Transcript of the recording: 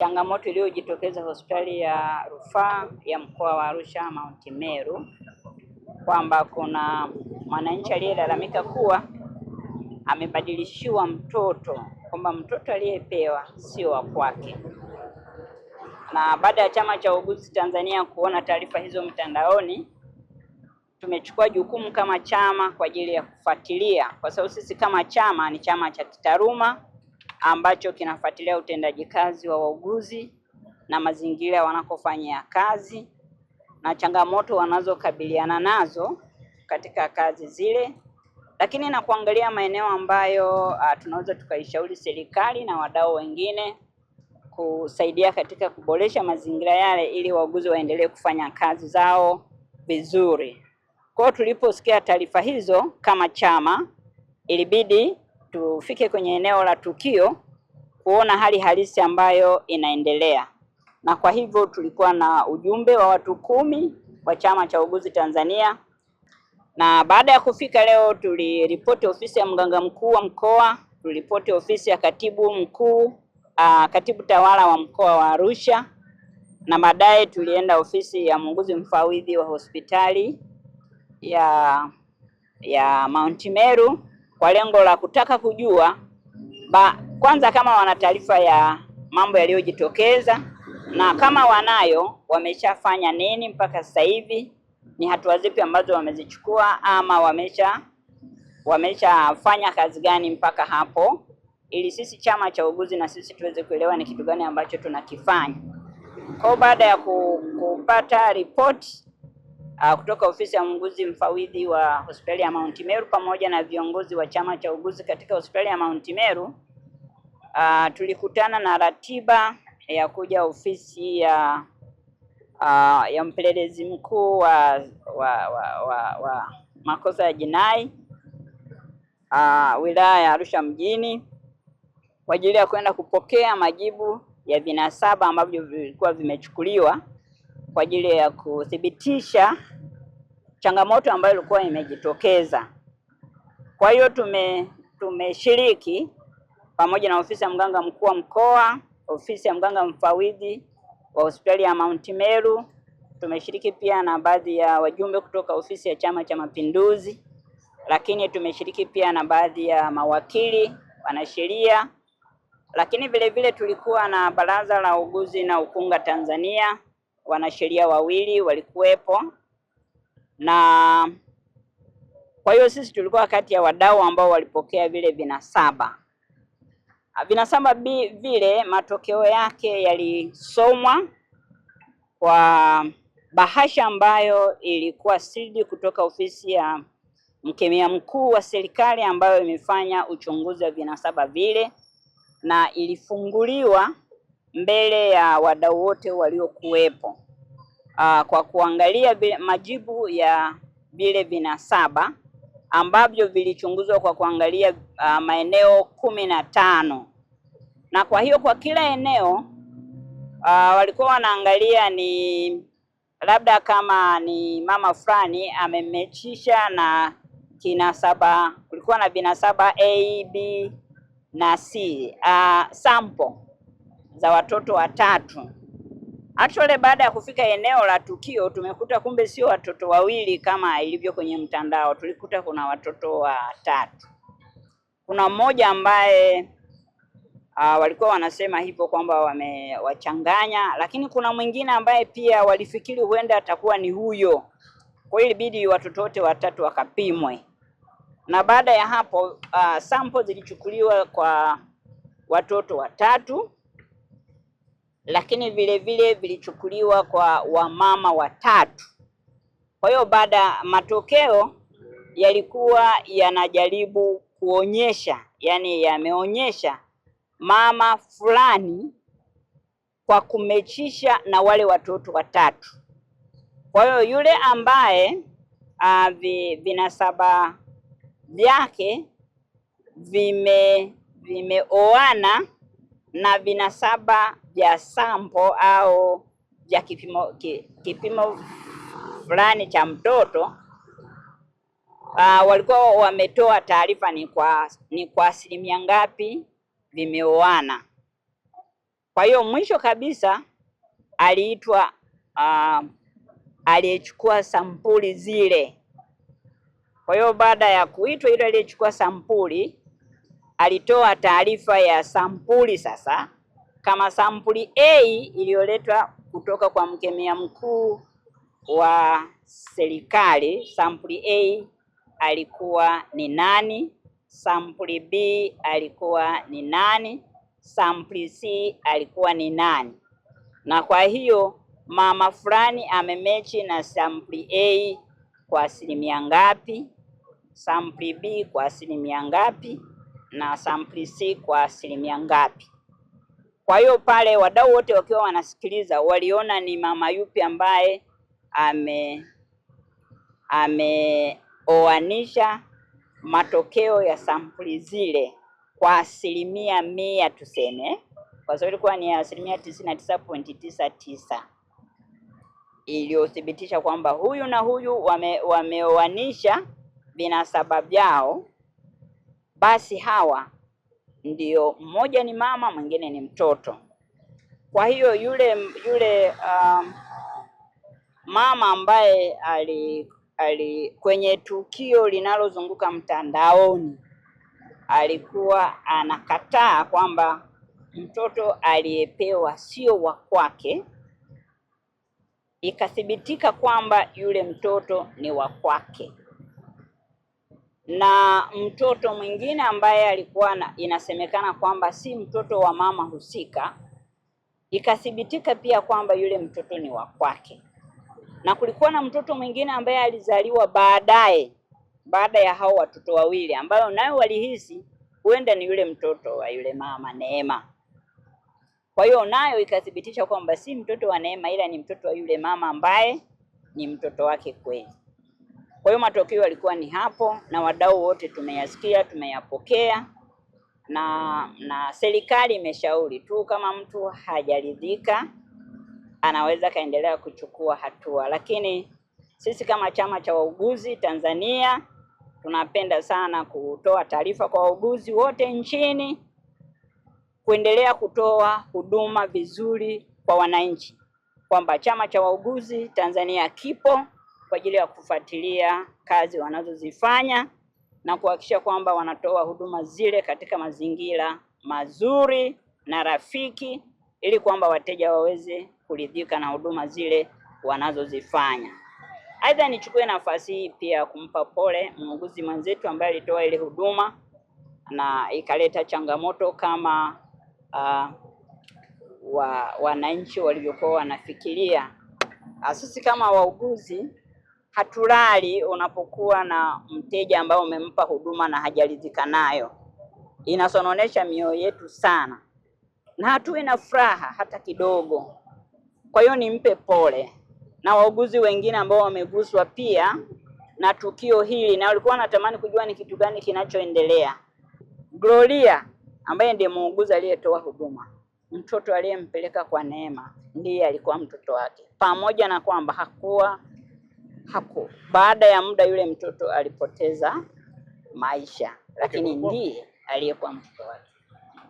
Changamoto iliyojitokeza hospitali ya rufaa ya mkoa wa Arusha Mount Meru kwamba kuna mwananchi aliyelalamika kuwa amebadilishiwa mtoto, kwamba mtoto aliyepewa sio wa kwake. Na baada ya Chama cha uguzi Tanzania kuona taarifa hizo mtandaoni, tumechukua jukumu kama chama kwa ajili ya kufuatilia, kwa sababu sisi kama chama ni chama cha kitaaluma ambacho kinafuatilia utendaji kazi wa wauguzi na mazingira wanakofanyia kazi na changamoto wanazokabiliana nazo katika kazi zile, lakini na kuangalia maeneo ambayo uh, tunaweza tukaishauri serikali na wadau wengine kusaidia katika kuboresha mazingira yale ili wauguzi waendelee kufanya kazi zao vizuri. Kwa hiyo tuliposikia taarifa hizo kama chama ilibidi tufike kwenye eneo la tukio kuona hali halisi ambayo inaendelea, na kwa hivyo tulikuwa na ujumbe wa watu kumi wa Chama cha Uuguzi Tanzania, na baada ya kufika leo tuliripoti ofisi ya mganga mkuu wa mkoa, tuliripoti ofisi ya katibu mkuu a, katibu tawala wa mkoa wa Arusha, na baadaye tulienda ofisi ya muuguzi mfawidhi wa hospitali ya ya Mount Meru kwa lengo la kutaka kujua ba, kwanza kama wana taarifa ya mambo yaliyojitokeza na kama wanayo wameshafanya nini mpaka sasa hivi, ni hatua zipi ambazo wamezichukua ama wamesha wameshafanya kazi gani mpaka hapo, ili sisi chama cha uguzi na sisi tuweze kuelewa ni kitu gani ambacho tunakifanya. Kwa baada ya kupata ripoti Ah, kutoka ofisi ya muuguzi mfawidhi wa hospitali ya Mount Meru pamoja na viongozi wa chama cha uguzi katika hospitali ya Mount Meru. Uh, tulikutana na ratiba ya kuja ofisi ya uh, ya mpelelezi mkuu wa, wa, wa, wa, wa makosa ya jinai uh, wilaya ya Arusha mjini kwa ajili ya kwenda kupokea majibu ya vinasaba ambavyo vilikuwa vimechukuliwa kwa ajili ya kuthibitisha changamoto ambayo ilikuwa imejitokeza. Kwa hiyo tume tumeshiriki pamoja na ofisi ya mganga mkuu wa mkoa, ofisi ya mganga mfawidhi wa hospitali ya Mount Meru, tumeshiriki pia na baadhi ya wajumbe kutoka ofisi ya Chama cha Mapinduzi, lakini tumeshiriki pia na baadhi ya mawakili, wanasheria, lakini vile vile tulikuwa na baraza la uguzi na ukunga Tanzania wanasheria wawili walikuwepo, na kwa hiyo sisi tulikuwa kati ya wadau ambao walipokea vile vinasaba. Vinasaba vile matokeo yake yalisomwa kwa bahasha ambayo ilikuwa sidi kutoka ofisi ya mkemia mkuu wa serikali ambayo imefanya uchunguzi wa vinasaba vile na ilifunguliwa mbele ya wadau wote waliokuwepo ah, kwa kuangalia majibu ya vile vinasaba ambavyo vilichunguzwa kwa kuangalia uh, maeneo kumi na tano na kwa hiyo kwa kila eneo uh, walikuwa wanaangalia ni labda kama ni mama fulani amemechisha na kinasaba, kulikuwa na vinasaba A, B na C uh, sample za watoto watatu. Actually, baada ya kufika eneo la tukio tumekuta kumbe sio watoto wawili kama ilivyo kwenye mtandao, tulikuta kuna watoto watatu. Kuna mmoja ambaye uh, walikuwa wanasema hipo kwamba wamewachanganya, lakini kuna mwingine ambaye pia walifikiri huenda atakuwa ni huyo. Kwa hiyo ilibidi watoto wote watatu wakapimwe, na baada ya hapo uh, sample zilichukuliwa kwa watoto watatu lakini vile vile vilichukuliwa kwa wamama watatu. Kwa hiyo baada matokeo yalikuwa yanajaribu kuonyesha, yani yameonyesha mama fulani kwa kumechisha na wale watoto watatu. Kwa hiyo yule ambaye a, vi, vinasaba vyake vime vimeoana na vinasaba vya sampo au vya kipimo, kipimo fulani cha mtoto uh, walikuwa wametoa taarifa ni kwa ni kwa asilimia ngapi vimeoana. Kwa hiyo mwisho kabisa aliitwa uh, aliyechukua sampuli zile. Kwa hiyo baada ya kuitwa ile aliyechukua sampuli alitoa taarifa ya sampuli sasa kama sampuli A iliyoletwa kutoka kwa mkemia mkuu wa serikali, sampuli A alikuwa ni nani? Sampuli B alikuwa ni nani? Sampuli C alikuwa ni nani? Na kwa hiyo mama fulani amemechi na sampuli A kwa asilimia ngapi? Sampuli B kwa asilimia ngapi? na sampuli C kwa asilimia ngapi. Kwa hiyo pale wadau wote wakiwa wanasikiliza, waliona ni mama yupi ambaye ame ameoanisha matokeo ya sampuli zile kwa asilimia mia tuseme, eh? kwa sababu ilikuwa ni asilimia tisini na tisa pointi tisa tisa iliyothibitisha kwamba huyu na huyu wameoanisha wame vina yao basi hawa ndio mmoja ni mama, mwingine ni mtoto. Kwa hiyo yule yule um, mama ambaye ali, ali kwenye tukio linalozunguka mtandaoni alikuwa anakataa kwamba mtoto aliyepewa sio wa kwake. Ikathibitika kwamba yule mtoto ni wa kwake na mtoto mwingine ambaye alikuwa na, inasemekana kwamba si mtoto wa mama husika, ikathibitika pia kwamba yule mtoto ni wa kwake, na kulikuwa na mtoto mwingine ambaye alizaliwa baadaye baada ya hao watoto wawili, ambayo nayo walihisi huenda ni yule mtoto wa yule mama Neema. Kwa hiyo nayo ikathibitisha kwamba si mtoto wa Neema, ila ni mtoto wa yule mama ambaye ni mtoto wake kweli. Kwa hiyo matokeo yalikuwa ni hapo, na wadau wote tumeyasikia, tumeyapokea na na serikali imeshauri tu kama mtu hajaridhika anaweza kaendelea kuchukua hatua, lakini sisi kama chama cha wauguzi Tanzania tunapenda sana kutoa taarifa kwa wauguzi wote nchini kuendelea kutoa huduma vizuri kwa wananchi, kwamba chama cha wauguzi Tanzania kipo kwa ajili ya kufuatilia kazi wanazozifanya na kuhakikisha kwamba wanatoa huduma zile katika mazingira mazuri na rafiki, ili kwamba wateja waweze kuridhika na huduma zile wanazozifanya. Aidha, nichukue nafasi hii pia kumpa pole muuguzi mwenzetu ambaye alitoa ile huduma na ikaleta changamoto kama uh, wa wananchi walivyokuwa wanafikiria. Ah, sisi kama wauguzi hatulali unapokuwa na mteja ambaye umempa huduma na hajaridhika nayo, inasononesha mioyo yetu sana na hatuwe na furaha hata kidogo. Kwa hiyo nimpe pole na wauguzi wengine ambao wameguswa pia na tukio hili, na walikuwa wanatamani kujua ni kitu gani kinachoendelea. Gloria ambaye ndiye muuguzi aliyetoa huduma, mtoto aliyempeleka kwa Neema ndiye alikuwa mtoto wake, pamoja na kwamba hakuwa haku baada ya muda yule mtoto alipoteza maisha, lakini okay, ndiye aliyekuwa mtoto wake.